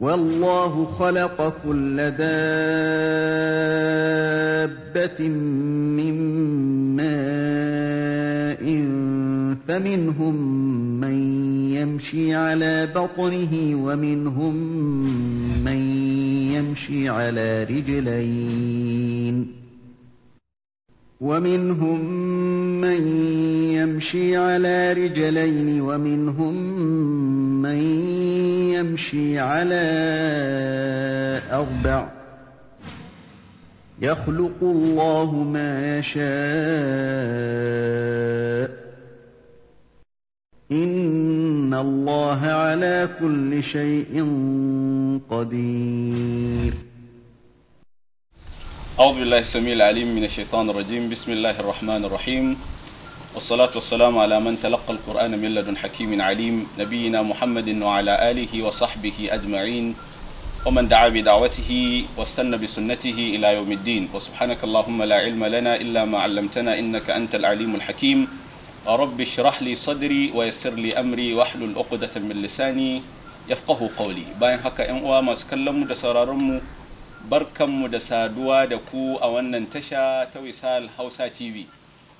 والله خلق كل دابة من ماء فمنهم من يمشي على بطنه ومنهم من يمشي على رجلين ومنهم من يمشي على رجلين ومنهم من يمشي على أربع يخلق الله ما يشاء إن الله على كل شيء قدير أعوذ بالله السميع العليم من الشيطان الرجيم بسم الله الرحمن الرحيم والصلاة والسلام على من تلقى القرآن من لدن حكيم عليم نبينا محمد وعلى آله وصحبه أجمعين ومن دعا بدعوته واستنى بسنته إلى يوم الدين وسبحانك اللهم لا علم لنا إلا ما علمتنا إنك أنت العليم الحكيم رب اشرح لي صدري ويسر لي أمري واحلل عقدة من لساني يفقه قولي باين حكا أن masu kallon barkanmu da saduwa da ku a wannan tasha ta wisal hausa tv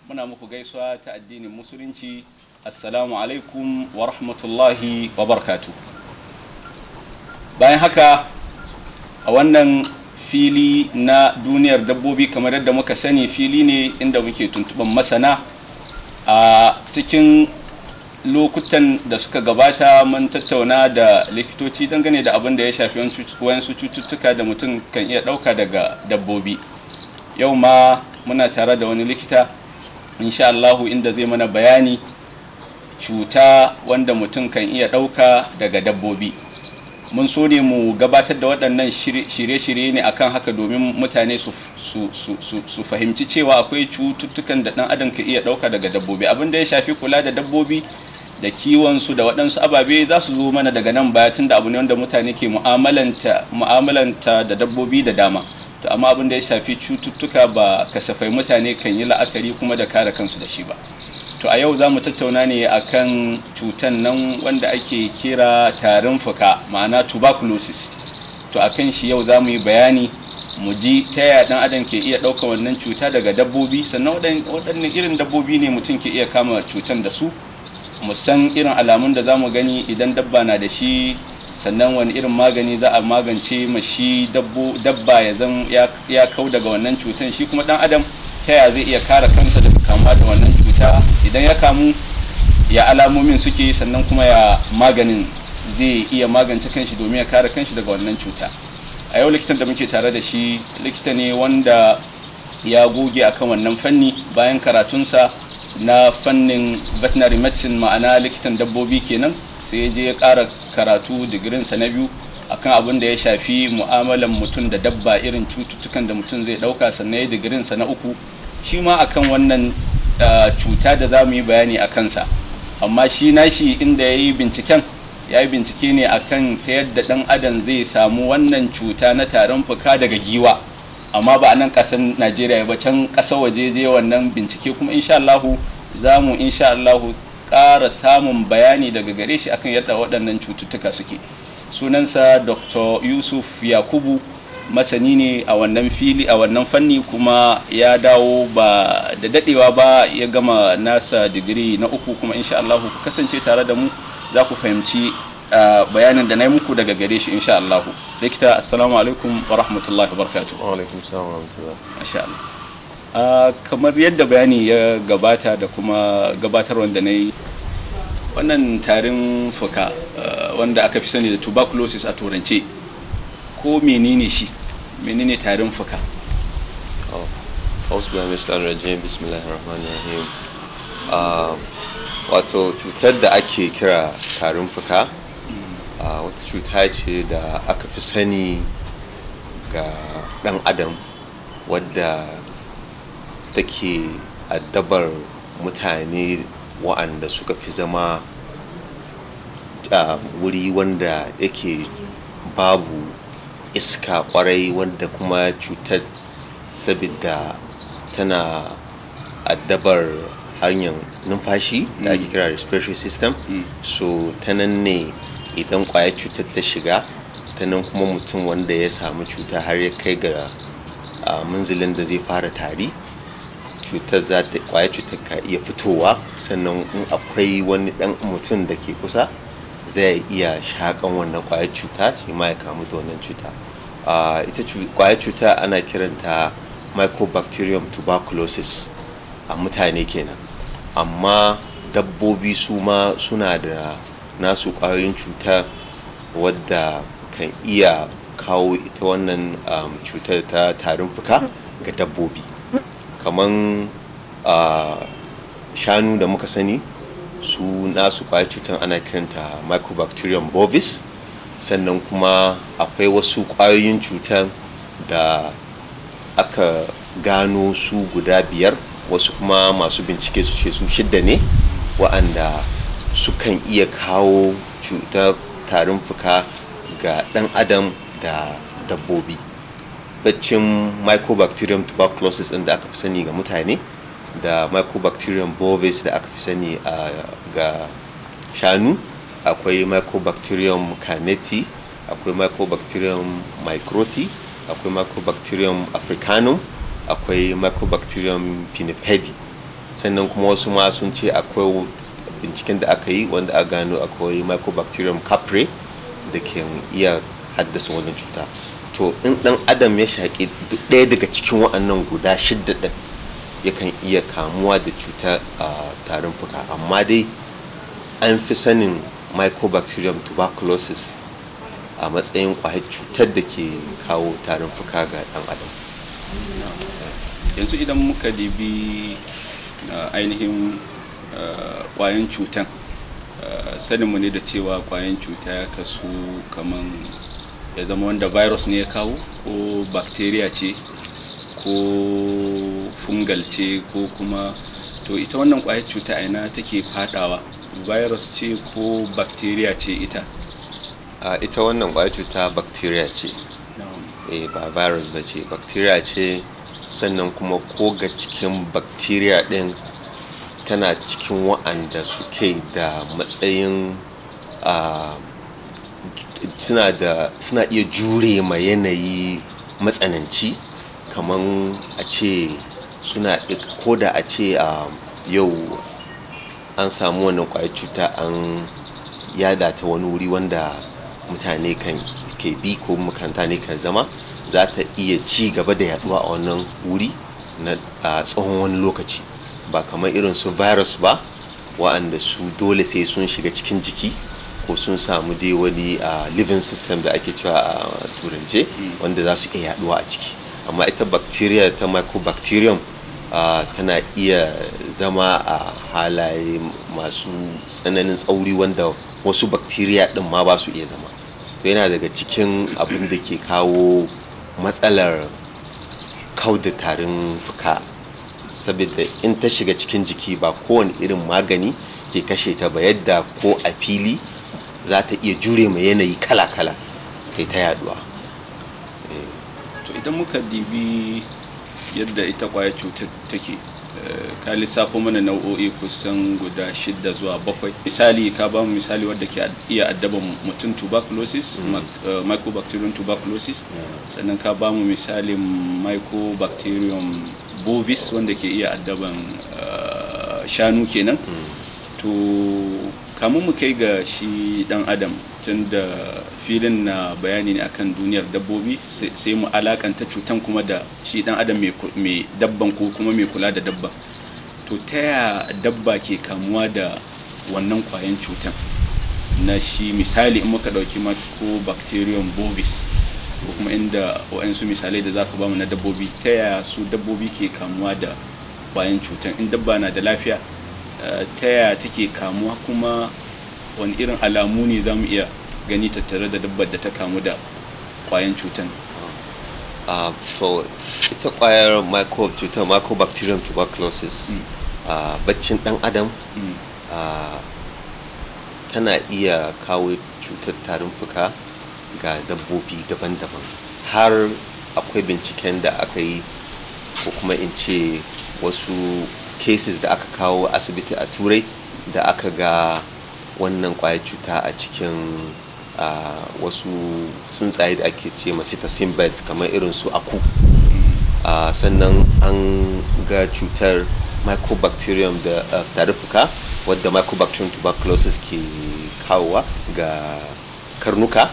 muna muku gaisuwa ta addinin musulunci assalamu alaikum wa rahmatullahi wa barkatu bayan haka a wannan fili na duniyar dabbobi kamar yadda muka sani fili ne inda muke tuntuban masana a cikin lokutan da suka gabata mun tattauna da likitoci dangane da abin da ya shafi wasu cututtuka da mutum kan iya ɗauka daga dabbobi yau ma muna tare da wani likita insha Allahu inda zai mana bayani cuta wanda mutum kan iya ɗauka daga dabbobi mun so ne mu gabatar da waɗannan shirye-shirye ne akan haka domin mutane su fahimci cewa akwai cututtukan da ɗan adam ka iya ɗauka daga dabbobi abin da ya shafi kula da dabbobi da kiwonsu da waɗansu ababe za su zo mana daga nan baya tunda abu ne wanda mutane ke mu'amalanta da dabbobi da dama to amma abin da ya shafi cututtuka ba kasafai mutane kan yi la'akari kuma da kare kansu da shi ba to a yau za mu tattauna ne akan cutan nan wanda ake kira tarin fuka ma'ana tuberculosis to akan shi yau za mu yi bayani mu ji ta yaya dan adam ke iya ɗaukar wannan cuta daga dabbobi sannan waɗanne irin dabbobi ne mutum ke iya kama cutan da su mu san irin alamun da za mu gani idan dabba na da shi sannan wani irin magani za a magance mashi dabba ya zan ya kau daga wannan cutan shi kuma dan adam ta ya zai iya kare kansa daga kamuwa da wannan cuta idan ya kamu ya alamomin suke sannan kuma ya maganin zai iya magance kanshi domin ya kare kanshi daga wannan cuta a yau likitan da muke tare da shi likita ne wanda ya goge akan wannan fanni bayan karatunsa na fannin veterinary medicine ma'ana likitan dabbobi kenan sai je ya kara karatu digirinsa na biyu akan abin da ya shafi mu'amalan mutum da dabba irin cututtukan da mutum zai ɗauka sannan ya digirinsa na uku shi ma akan wannan cuta da zamu yi bayani a kansa amma shi nashi inda ya yi binciken ya yi bincike ne akan ta yadda ɗan adam zai samu wannan cuta na tarin fuka daga giwa amma ba a nan ƙasar najeriya ba can kasa waje je wannan bincike kuma insha allahu za insha allahu ƙara samun bayani daga gare shi akan yadda waɗannan cututtuka suke sunansa dr yusuf yakubu masani ne a wannan fili a wannan fanni kuma ya dawo ba da dadewa ba ya gama nasa digiri na uku kuma insha Allah ku kasance tare da mu za ku fahimci bayanin da na yi muku daga gare shi insha Allah likita assalamu alaikum wa rahmatullahi wa barakatuh wa alaikum assalam wa rahmatullahi Uh, kamar yadda bayani ya gabata da kuma gabatar wanda na yi wannan tarin fuka uh, wanda aka fi sani da tuberculosis a turance ko menene shi menene tarin fuka oh, wato cutar da ake kira tarin fuka wata cuta ce da aka fi sani ga dan adam wadda Take addabar mutane wa'anda suka fi zama um, wuri wanda yake babu iska kwarai wanda kuma cutar sabida tana addabar hanyar numfashi da ake kira respiratory system mm. so ta ne idan kwayar cutar ta shiga ta nan kuma mutum wanda ya samu cuta har ya kai ga uh, munzilin da zai fara tari cutar za ta kwaya cutar ka iya fitowa sannan in akwai wani dan mutum da ke kusa zai iya shakan wannan kwaya cuta shi ma ya kamu da wannan cuta ita kwaya cuta ana kiranta mycobacterium tuberculosis a mutane kenan amma dabbobi su ma suna da nasu kwayoyin cuta wadda kan iya kawo ita wannan um, cutar ta tarin fuka ga dabbobi kaman a shanu da muka sani su nasu kwayar cutar ana kiranta mycobacterium bovis sannan kuma akwai wasu kwayoyin cutar da aka gano su guda biyar wasu kuma masu bincike su ce su shidda ne wa'anda sukan iya kawo cutar tarin fuka ga ɗan adam da dabbobi baccin mycobacterium tuberculosis ɗin da aka fi sani ga mutane da mycobacterium bovis da aka fi sani ga shanu akwai mycobacterium caneti akwai mycobacterium microti akwai mycobacterium africanum akwai mycobacterium pinnipedi sannan kuma wasu ma sun ce akwai binciken da aka yi wanda a gano akwai mycobacterium capre da ke iya haddasa wannan cuta to in dan adam ya shaƙi ɗaya daga cikin wa'annan guda shidda ɗin yakan iya kamuwa da cutar tarin fuka amma dai an fi sanin mycobacterium tuberculosis a matsayin kwayar cutar da ke kawo tarin fuka ga ɗan adam yanzu idan muka dibi ainihin kwayan cutan mu ne da cewa kwayan cuta ya kasu kaman ya zama wanda virus ne ya kawo ko bacteria ce ko fungal ce ko kuma to ita wannan kwayar cuta aina ina take fadawa virus ce ko bacteria ce ita a ita wannan kwayar cuta bacteria ce eh ba virus ba ce bacteria ce sannan kuma ko ga cikin bacteria din tana cikin wa'anda suke da matsayin uh, suna da suna iya jure ma yanayi matsananci kamar a ce suna ko da a ce a um, yau an samu wannan kwayar cuta an yada ta wani wuri wanda mutane kan ke bi ko mutane kan zama za ta iya ci gaba da yaduwa a wannan wuri na tsawon wani lokaci ba kamar irin su virus ba wa'anda su dole sai sun shiga cikin jiki ko sun samu dai wani a living system da ake cewa a turance hmm. wanda za su iya yaduwa a ciki amma ita bacteria ta mycobacterium tana iya zama a halaye masu tsananin tsauri wanda wasu bacteria din ma ba su iya zama to yana daga cikin abin da ke kawo matsalar kauda tarin fuka saboda in ta shiga cikin jiki ba kowane irin magani ke kashe ta ba yadda ko a fili za ta iya jure ma yanayi kala-kala ta ta yaduwa to idan muka dibi yadda ita kwaya cutar take eh, ka lissafo mana nau'o'i kusan guda shida zuwa bakwai misali ka ba mu misali wadda ke iya addaban mutum tuberculosis mm. eh, mycobacterium tuberculosis sannan ka ba mu misalin mycobacterium bovis wanda ke iya addaban eh, shanu kenan mm. to kamu mu kai ga shi dan adam tun da filin na bayani ne akan duniyar dabbobi sai mu alakanta cutan kuma da shi dan adam mai dabban ko kuma mai kula da dabba to ta ya dabba ke kamuwa da wannan kwayan cutan na shi misali in muka dauki ko bacterium bovis ko kuma inda waɗansu misalai da za ka bamu na dabbobi ta ya su dabbobi ke kamuwa da kwayan cutan in dabba na da lafiya Eh, ta yaya take kamuwa kuma wani irin alamu ne za mu iya gani tattare da dabbar da ta kamu da kwayan cutan to ah, ita kwayar microbe cutar microbacterium tuberculosis mm. ah, baccin dan adam mm. ah, tana iya kawo cutar tarin fuka ga dabbobi daban-daban har akwai binciken da aka yi ko kuma in ce wasu cases da aka kawo asibiti a turai da aka ga wannan kwaya cuta a cikin wasu tsuntsaye da ake ce masitasin birds kamar irin su aku sannan an ga cutar mycobacterium da tarifuka wadda mycobacterium tuberculosis ke kawowa ga karnuka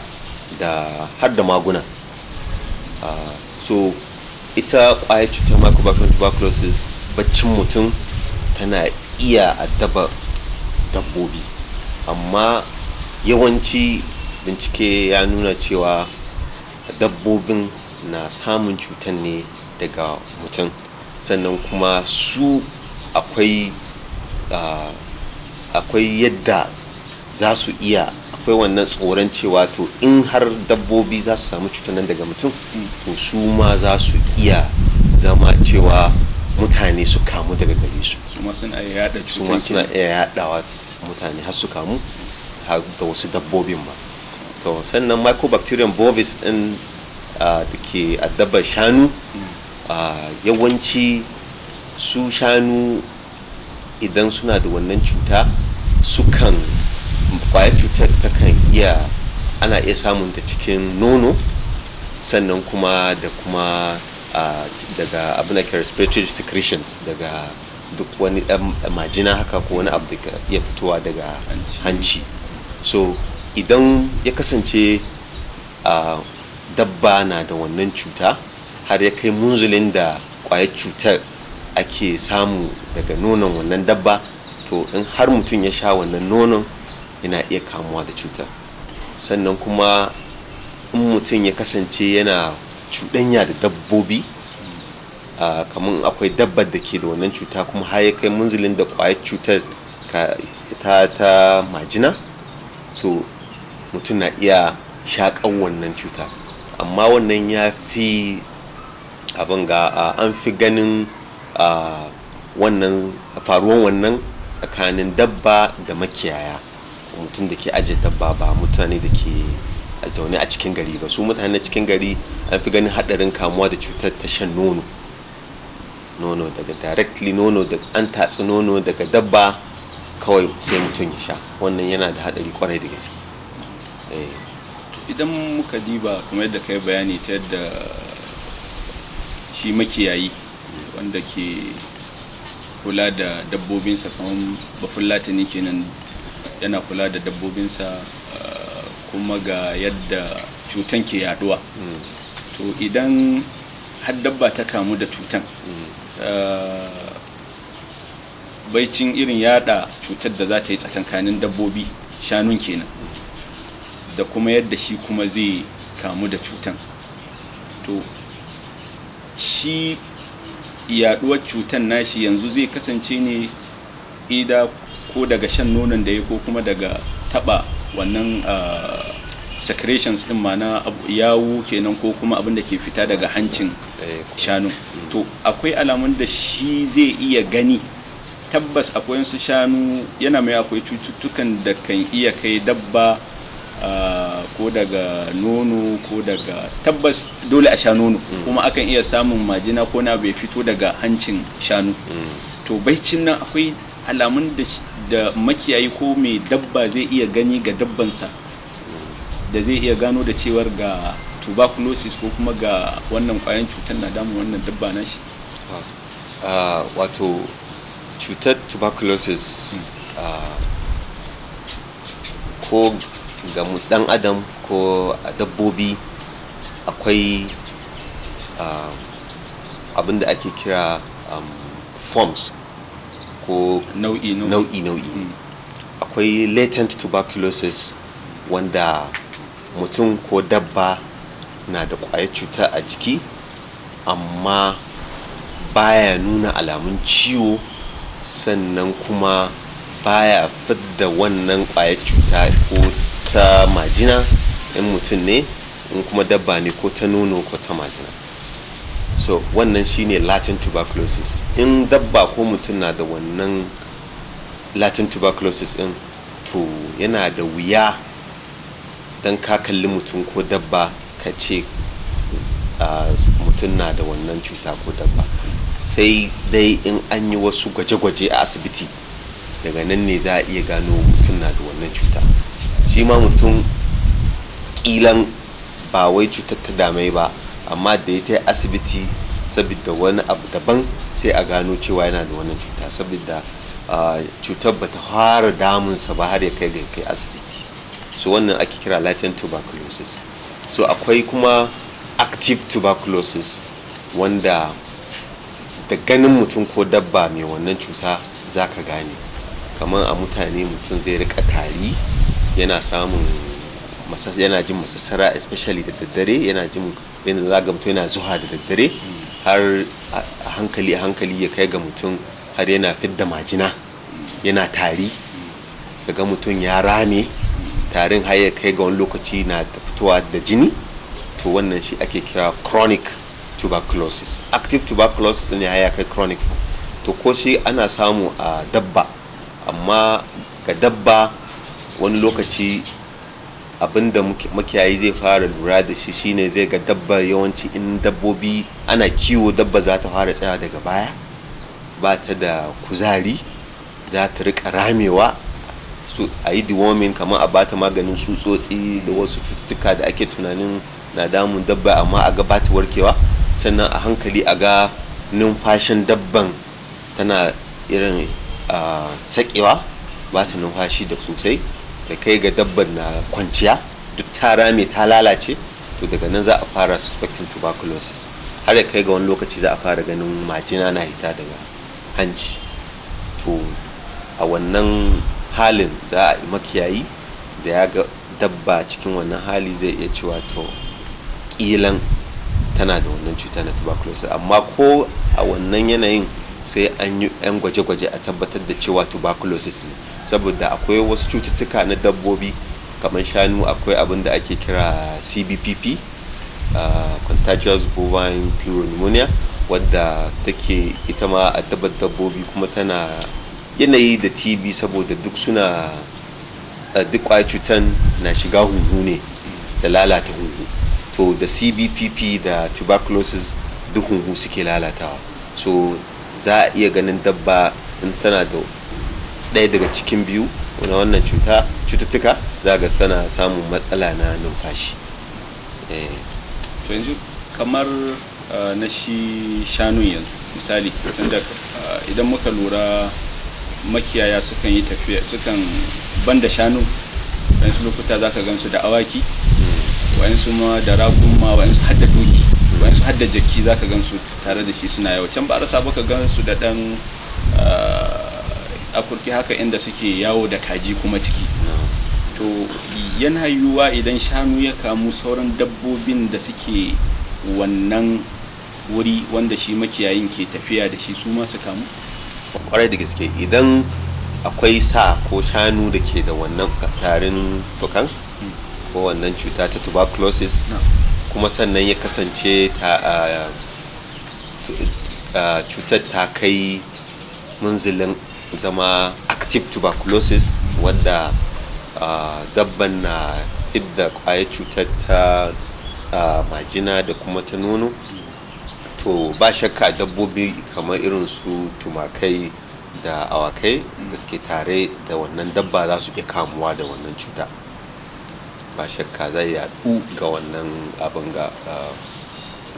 da har da maguna so ita kwayar cutar mycobacterium tuberculosis baccin mutum tana iya addaba dabbobi amma yawanci bincike ya nuna cewa dabbobin na samun cutan ne daga mutum sannan kuma su akwai akwai yadda za su iya akwai wannan tsoron cewa to in har dabbobi za su samu cutar nan daga mutum to su ma za su iya zama cewa mutane su kamu daga gare su su suna suna iya yadawa mutane har su kamu da wasu dabbobin ba to sannan mycobacterium bovis din da ke addabar shanu yawanci su shanu idan suna da wannan cuta sukan kwayar cutar kan iya ana iya samun ta cikin nono sannan kuma da kuma daga abin da respiratory secretions daga duk wani dan majina haka ko wani abu da ya fitowa daga hanci so idan ya kasance dabba na da wannan cuta har ya kai munzulin da kwayar cutar ake samu daga nonon wannan dabba to in har mutum ya sha wannan nonon yana iya kamuwa da cutar sannan kuma in mutum ya kasance yana cuɗanya da dabbobi kamar akwai dabbar da ke da wannan cuta kuma har ya kai munzulin da ƙwayar cutar ta ta majina so mutum na iya shaƙan wannan cuta amma wannan ya fi abin ga an fi ganin wannan faruwan wannan tsakanin dabba da makiyaya mutum da ke ajiye dabba ba mutane da ke zaune a cikin gari ba su mutane na cikin gari an fi ganin haɗarin kamuwa da cutar tashan nono nono daga directly nono da an tatsi nono daga dabba kawai sai mutum ya sha wannan yana da haɗari kwarai da gaske eh. idan muka diba kamar yadda kai bayani ta yadda shi makiyayi wanda ke kula da dabbobinsa kamar bafin latini kenan yana kula da dabbobinsa ah, kuma ga yadda cutan ke yaduwa mm. to idan har dabba ta kamu da cutan mm. eh, baicin irin yada cutar da za ta yi tsakankanin dabbobi shanun kenan da kuma yadda shi kuma zai kamu da cutan to shi yaduwar cutan nashi yanzu zai kasance ne ida ko daga shan nonon da ya ko kuma daga taba wannan ah, secretions din ma na yawu kenan ko kuma abin da ke fita daga hancin eh, shanu mm. to akwai alamun da shi zai iya gani tabbas akwai su shanu yana mai akwai cututtukan da kan iya kai dabba ah, ko daga nono ko daga tabbas dole a sha nono mm. kuma akan iya samun majina ko na bai fito daga hancin shanu mm. to baicin nan akwai alamun da da makiyayi ko mai dabba zai iya gani ga dabbansa da zai iya gano da cewar ga tuberculosis ko kuma ga wannan kwayan cutar na damu wannan dabba na shi ah, ah, wato cutar tuberculosis hmm. ah, ko ga dan adam ko a dabbobi akwai abinda abin da ake kira um, forms ko nau'i nau'i hmm. akwai latent tuberculosis wanda mutum ko dabba na da kwayar cuta a jiki amma baya nuna alamun ciwo sannan kuma baya fidda wannan kwayar cuta ko ta majina in mutum ne in kuma dabba ne ko ta nono ko ta majina so wannan shine latin tuberculosis in dabba ko mutum na da wannan latin tuberculosis din to yana da wuya don ka kalli mutum ko dabba ka ce ah, mutum na da wannan cuta ko dabba sai dai in an yi wasu gwaje-gwaje a asibiti daga nan ne za a iya gano mutum na da wannan cuta shi ma mutum ƙilan ba wai cutar ta dame ba amma da ya ta yi asibiti saboda wani abu daban sai a gano cewa yana da wannan cuta saboda cutar ba ta fara damunsa ba har ya kai ga kai asibiti so wannan ake kira latent tuberculosis so akwai kuma active tuberculosis wanda da ganin mutum ko dabba mai wannan cuta za ka gane kamar a mutane mutum zai rika tari yana samun yana jin masassara especially da daddare yana jin yana zaga mutum yana zuha da daddare har a hankali a hankali ya kai ga mutum har yana fidda majina yana tari ga mutum ya rame tarin har ya kai ga wani lokaci na fitowa da jini to wannan shi ake kira chronic tuberculosis active tuberculosis ne ya kai chronic to ko shi ana samu a dabba amma ga dabba wani lokaci abinda da makiyayi zai fara lura da shi shine zai ga dabba yawanci in dabbobi ana kiwo dabba za ta fara tsaya daga baya ba ta da kuzari za ta rika ramewa su a yi deworming kamar a bata maganin tsutsotsi da wasu cututtuka da ake tunanin na damun dabba amma a ga bata warkewa sannan a hankali a ga numfashin dabban tana irin ah, sakewa ba ta numfashi da sosai da kai ga dabban na kwanciya duk ta rame ta lalace to daga nan za a fara suspecting tuberculosis har da kai ga wani lokaci za a fara ganin majina na hita daga hanci to a wannan halin za a yi makiyayi da ya ga dabba cikin wannan hali zai iya cewa to kilan tana da wannan cuta na tuberculosis amma ko a wannan yanayin sai an yi 'yan gwaje-gwaje a tabbatar da cewa tuberculosis ne saboda akwai wasu cututtuka na dabbobi kamar shanu akwai abin da ake kira cbpp uh, ah, contagious bovine pneumonia wadda take ita ma a dabar dabbobi kuma tana yanayi da tb saboda duk suna uh, duk cutan na shiga huhu ne da lalata huhu to da cbpp da tuberculosis duk huhu suke lalatawa so za a iya ganin dabba in tana da ɗaya daga cikin biyu na wannan cututtuka za ga tana samun matsala na numfashi eh. yanzu kamar ah, na shi shanun yanzu misali tunda ah, idan muka lura makiyaya sukan yi tafiya sukan banda shanu wayansu lokuta za ka gansu da awaki hmm. wayansu ma da raƙuma wayansu har da doki hadda har za jaki gan su tare da shi suna yawo can ba rasa baka su da dan ah, akurki haka inda suke yawo da kaji kuma ciki to yana yiwuwa idan shanu ya kamu sauran dabbobin da suke wannan wuri wanda shi makiyayin ke tafiya da shi su masu kamu kwarai da gaske idan akwai sa ko shanu da ke da wannan tarin fukan hmm. ko wannan cuta ta tuberculosis kuma sannan ya kasance cutar ta kai munzilin zama active tuberculosis wadda dabban na idda kwaya cutar ta majina da kuma ta nono to ba shakka dabbobi kamar irin su tumakai da awakai da ke tare da wannan dabba za su iya kamuwa da wannan cuta ba shakka zai yadu ga wannan abin ga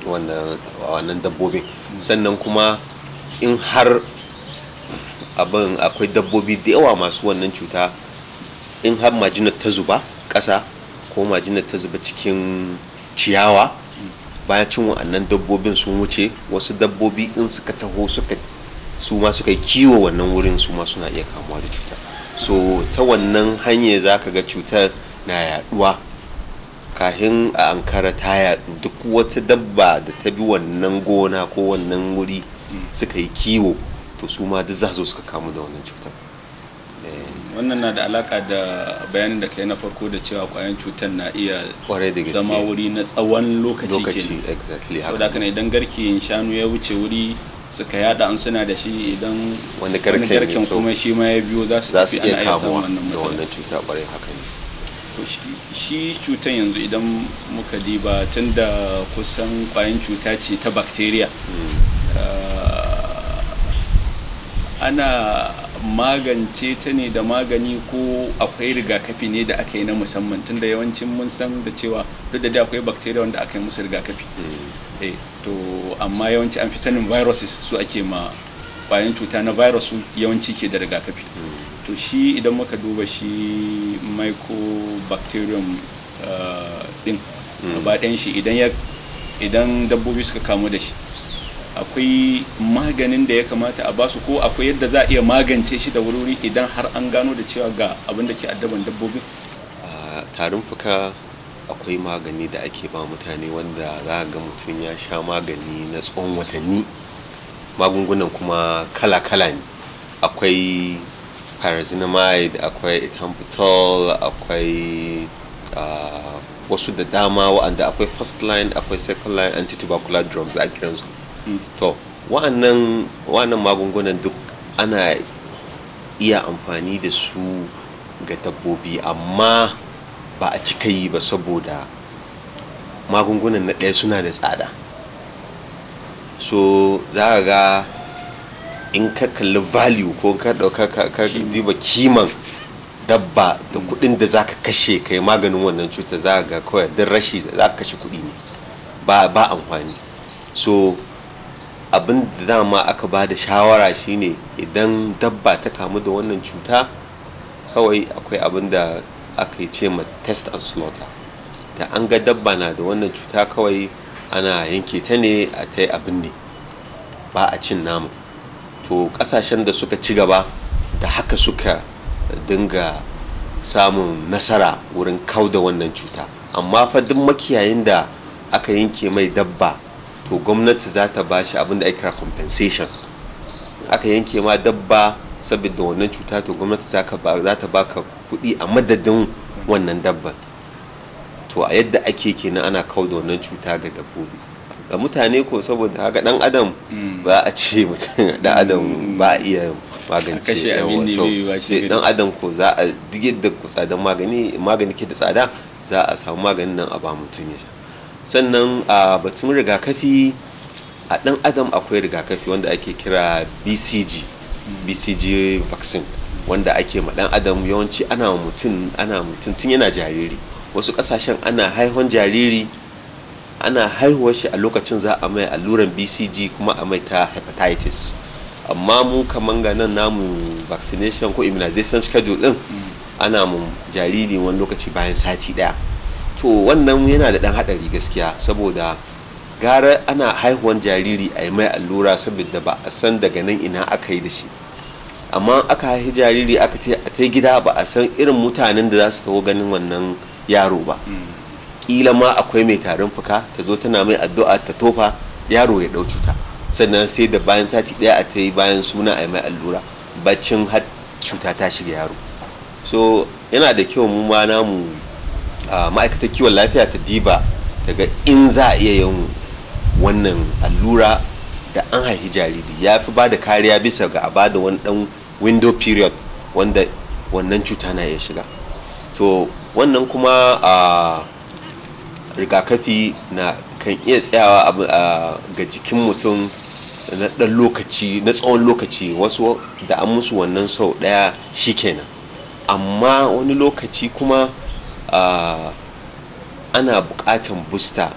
wannan dabbobin sannan kuma in har abin akwai dabbobi da yawa masu wannan cuta in har majinar ta zuba ƙasa ko majinar ta zuba cikin ciyawa bayan cin wa'annan dabbobin sun wuce wasu dabbobi in suka taho suka su ma suka kiwo wannan wurin su ma suna iya kamuwa da cuta so ta wannan hanyar za ka ga cutar na yaduwa kafin a ankara ta yadu duk wata dabba da ta bi wannan gona ko wannan wuri suka yi kiwo to su ma duk za su suka kamu da wannan cutar eh. wannan na da alaka da bayanin da kai na farko da cewa kwayan cutar na iya zama wuri na tsawon lokaci Lokaci exactly saboda haka ne idan garkin shanu ya wuce wuri suka yada an suna da shi idan wani garke kuma shi ma ya biyo za su tafi ana iya samun wannan matsala shi cutan yanzu idan muka diba tun da kusan kwayan cuta ce ta bakteriya, eh, ana magance ta ne da magani ko akwai rigakafi ne da aka yi na musamman tun da yawancin mun san da cewa duk da akwai bacteria wanda aka yi musu rigakafi hmm. eh, to amma yawanci an fi sanin viruses su ake ma kwayan cuta na virus yawanci ke da rigakafi hmm. to shi idan muka duba shi mycobacterium uh, din hmm. gaba ɗayan shi idan dabbobi suka kamu da shi akwai maganin da ya kamata a basu ko akwai yadda za a iya magance shi da wuri idan har an gano da cewa ga abin da ke addaban dabbobi tarin fuka akwai magani da ake ba mutane wanda za ga mutum ya sha magani na tsawon watanni magungunan kuma kala-kala ne akwai pyrazinamide akwai ethambutol akwai ah, wasu da dama wa'anda akwai first line akwai second line antitubercular drugs a kiransu to wa'annan magungunan duk ana iya amfani da su ga dabbobi amma ba a cika yi ba saboda magungunan na ɗaya suna da tsada so za ga in ka kalli value ko ka dauka ka diba kiman dabba da kuɗin da zaka kashe kai maganin wannan cuta za ga kawai don rashi za ka kashe kuɗi ne ba amfani so abin da dama aka ba da shawara shine idan dabba ta kamu da wannan cuta kawai akwai abin da aka ce ma test and slaughter da an ga dabba na da wannan cuta kawai ana yanke ta ne a ta abin ne ba a cin naman to kasashen da suka ci gaba da haka suka dinga samun nasara wurin da wannan cuta amma fa duk makiyayin da aka yanke mai dabba to gwamnati za ta bashi abin da ake compensation aka yanke ma dabba saboda wannan cuta to gwamnati za ta baka kuɗi a madadin wannan dabba to a yadda ake kenan ana kau da wannan cuta ga dabbobi ga mutane ko saboda haka dan adam hmm. ba a ce mutum dan adam hmm. ba a iya magance dan adam ko za a dige da tsadan magani magani ke da tsada za a samu maganin nan a ba mutum ya sha sannan a batun rigakafi a dan adam akwai rigakafi wanda ake kira bcg hmm. bcg vaccine wanda ake ma dan adam yawanci ana mutum ana mutum tun yana jariri wasu kasashen ana haihon jariri ana haihuwar shi a lokacin za a mai alluran bcg kuma a mai ta hepatitis amma mu kamar ga namu vaccination ko immunization schedule din mm. ana mu jariri wani lokaci bayan sati daya to wannan yana da dan hadari gaskiya saboda gara ana haihuwar jariri a yi mai allura saboda ba a san daga nan ina aka yi da shi amma aka haihi jariri aka ta gida ba a san irin mutanen da za su taho ganin wannan yaro ba mm. kila ma akwai mai tarin fuka ta zo tana mai addu'a ta tofa yaro ya ɗau cuta sannan sai da bayan sati ɗaya a ta yi bayan suna a mai allura baccin har cuta ta shiga yaro so yana da kyau mu ma namu ma'aikatar kiwon lafiya ta diba daga in za a iya yin wannan allura da an haifi jariri ya fi ba da kariya bisa ga a ba da wani dan window period wanda wannan cuta na iya shiga to wannan kuma a rigakafi na kan iya tsayawa ga jikin mutum na ɗan lokaci na tsawon lokaci wasu da an musu wannan sau ɗaya shikenan amma wani lokaci kuma ana buƙatan busta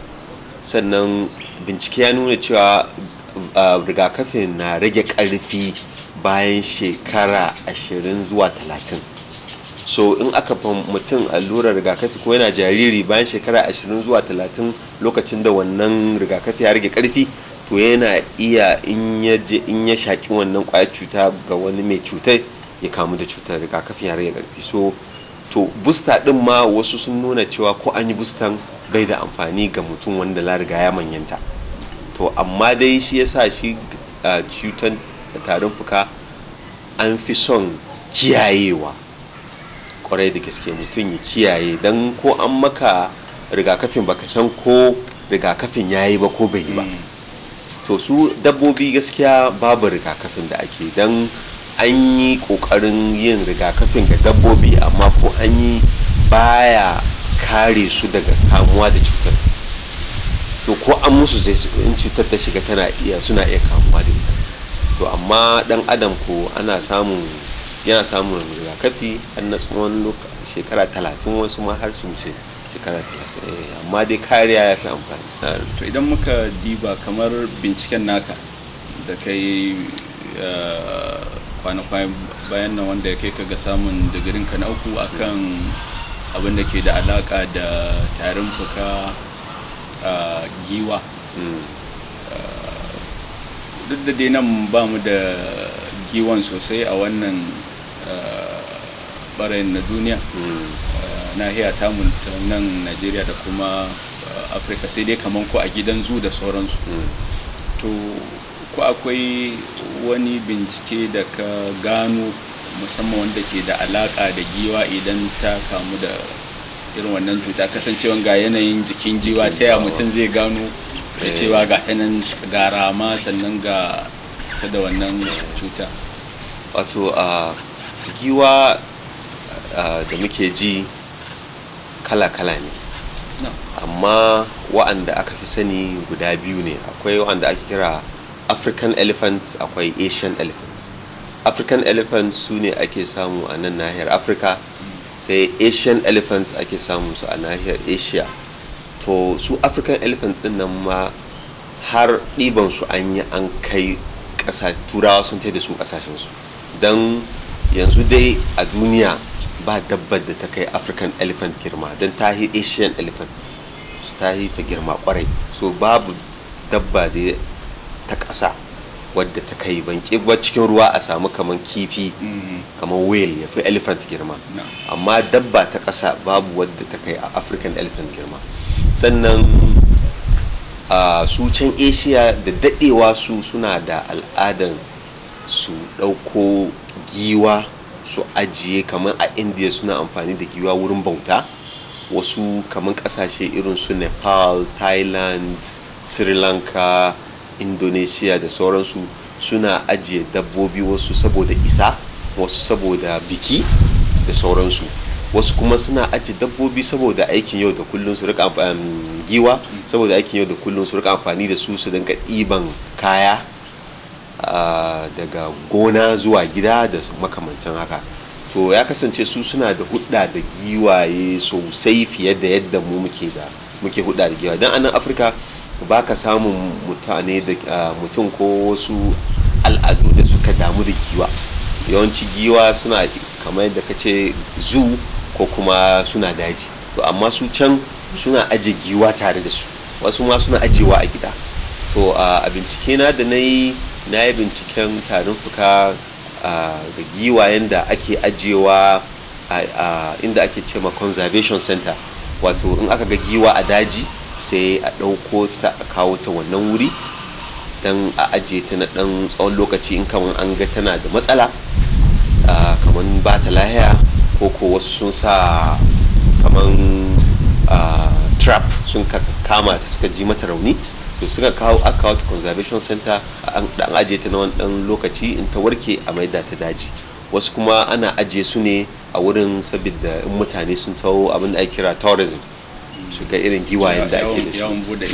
sannan bincike ya nuna cewa rigakafin na rage ƙarfi bayan shekara 20 zuwa 30 so in aka fa mutum allurar rigakafi ko yana jariri bayan shekara 20 zuwa 30 lokacin da wannan rigakafi ya rage karfi to yana iya in ya in ya shaki wannan kwayar cuta ga wani mai cutar ya kamu da cutar rigakafi ya rage karfi so to busta din ma wasu sun nuna cewa ko an yi bustan bai da amfani ga mutum wanda la riga ya manyanta to amma dai shi yasa shi ah, cutar tarin fuka an fi son kiyayewa kwarai da gaske mutum ya kiyaye don ko an maka rigakafin baka san ko rigakafin ya yi ba ko bai yi ba mm. to su dabbobi gaskiya babu rigakafin da ake don an yi kokarin yin rigakafin ga dabbobi amma ko an yi baya kare su daga kamuwa da cutar to ko an musu sai in cutar ta shiga tana iya suna iya kamuwa da ita to amma dan adam ko ana samun yana samun kafi annas wani shekara talatin wasu ma har su wuce shekara talatin eh, amma dai kariya ya fi amfani to idan muka diba kamar binciken naka da kai eh, kwana bayan nan wanda ya kai ka ga samun digirin ka na uku akan abin da ke da alaka da tarin fuka eh, giwa hmm. duk da dai nan ba mu da giwan sosai a wannan barayin na duniya hmm. eh, nahiya ta nan najeriya da kuma eh, afirka sai dai kamar ko a gidan zu da sauransu hmm. to ko akwai wani bincike da ka gano musamman wanda ke da alaka da giwa idan ta kamu da irin wannan cuta kasancewan ga yanayin jikin giwa ta ya mutum zai gano da cewa eh. ga ta nan ga rama sannan ga ta da wannan cuta wato a ah, giwa Eh, da muke ji kala-kala ne amma wa'anda aka fi sani guda biyu ne akwai wa'anda ake kira african elephants akwai asian elephants african elephants su ne ake samu a nan nahiyar afirka sai asian elephants ake samu su a nahiyar asia to su african elephants din nan ma har ɗibansu su an yi an kai turawa sun taida su ƙasashensu don yanzu dai a duniya ba dabbar da ta kai african elephant girma don ta yi asian elephant ta yi ta girma kwarai so babu dabba da ta ƙasa wadda ta kai ban ba cikin ruwa a samu kamar kifi mm-hmm. kamar whale ya fi elephant girma amma dabba ta ƙasa babu wadda ta kai a african elephant girma sannan su can asia da daɗewa su suna da al'adan su ɗauko giwa su ajiye kamar a india suna amfani da giwa wurin bauta wasu kamar kasashe irin su nepal thailand sri lanka indonesia da sauransu suna ajiye dabbobi wasu saboda isa wasu saboda biki da sauransu wasu kuma suna ajiye dabbobi saboda aikin yau da kullum su rika um, giwa saboda aikin yau da kullum su rika amfani da su su dinka ɗiban kaya daga gona zuwa gida da makamancin haka to ya kasance su suna da hudda da giwaye sosai fiye da yadda mu muke da muke hudda da giwa don anan afirka ba ka samun mutane da mutum ko wasu al'adu da suka damu da giwa yawanci giwa suna kamar da ka ce zu ko kuma suna daji to amma su can suna aje giwa tare da su wasu ma suna ajewa a gida to a bincike na da na yi na yi binciken tarin fuka da giwayen da ake ajiyewa inda ake ce ma conservation center wato in aka ga giwa a daji sai a ɗauko ta a kawo ta wannan wuri don a ajiye ta na ɗan tsawon lokaci in kamar an ga tana da matsala kamar ba ta lahiya ko ko wasu sun sa kamar trap sun kama ta suka ji mata rauni to suka kawo aka kawo conservation center an dan ta na wani dan lokaci in ta warke a maida ta daji wasu kuma ana aje su ne a wurin saboda in mutane sun tawo abin da ake kira tourism su ga irin giwayen da ake da su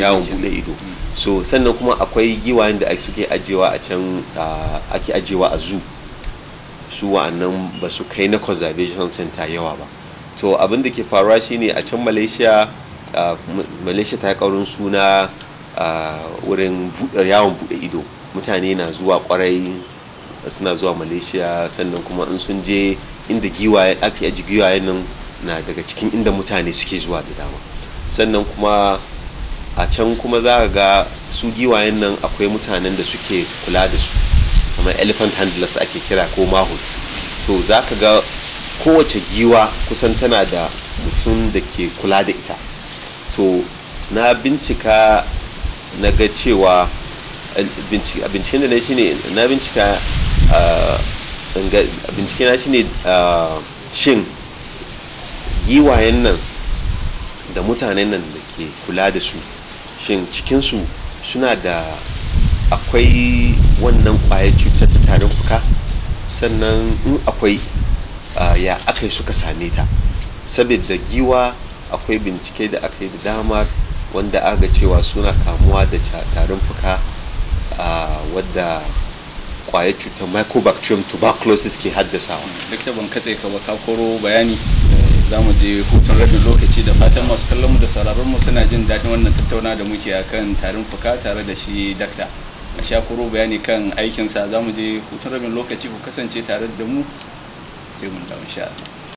yawon bude ido so sannan kuma akwai giwayen da suke ajewa a can ake ajewa a zoo su wa'annan ba su kai na conservation center yawa ba to abin da ke faruwa shine a can malaysia malaysia ta kaurin suna wurin yawon bude ido mutane na zuwa kwarai suna zuwa malaysia sannan kuma in sun je inda giwaye aka yaji giwaye nan na daga cikin inda mutane suke zuwa da dama sannan kuma a can kuma za ga su giwayen nan akwai mutanen da suke kula da su kamar elephant handlers ake kira ko mahots so za ka ga kowace giwa kusan tana da mutum da ke kula da ita to na bincika na ga cewa eh, binciken da na shi ne na bincika eh, bincike na shi ne eh, shin giwayen nan da mutanen nan da ke kula da su shin cikinsu suna da akwai wannan kwayar cutar ta tarin fuka sannan in akwai ya aka yi suka same ta saboda giwa akwai bincike da aka yi da dama wanda ga cewa suna kamuwa da tarin fuka a wadda kwayar cutar mycobacterium tuberculosis ke haddasawa mm, duk da ban katse ka ba kakoro bayani za mu je hutun rabin lokaci da fatan masu kallon mu da sauraron mu suna jin daɗin wannan tattauna da muke kan tarin fuka tare da shi dakta a sha koro bayani kan aikinsa za mu je hutun rabin lokaci ku kasance tare da mu sai mun dawo insha Allah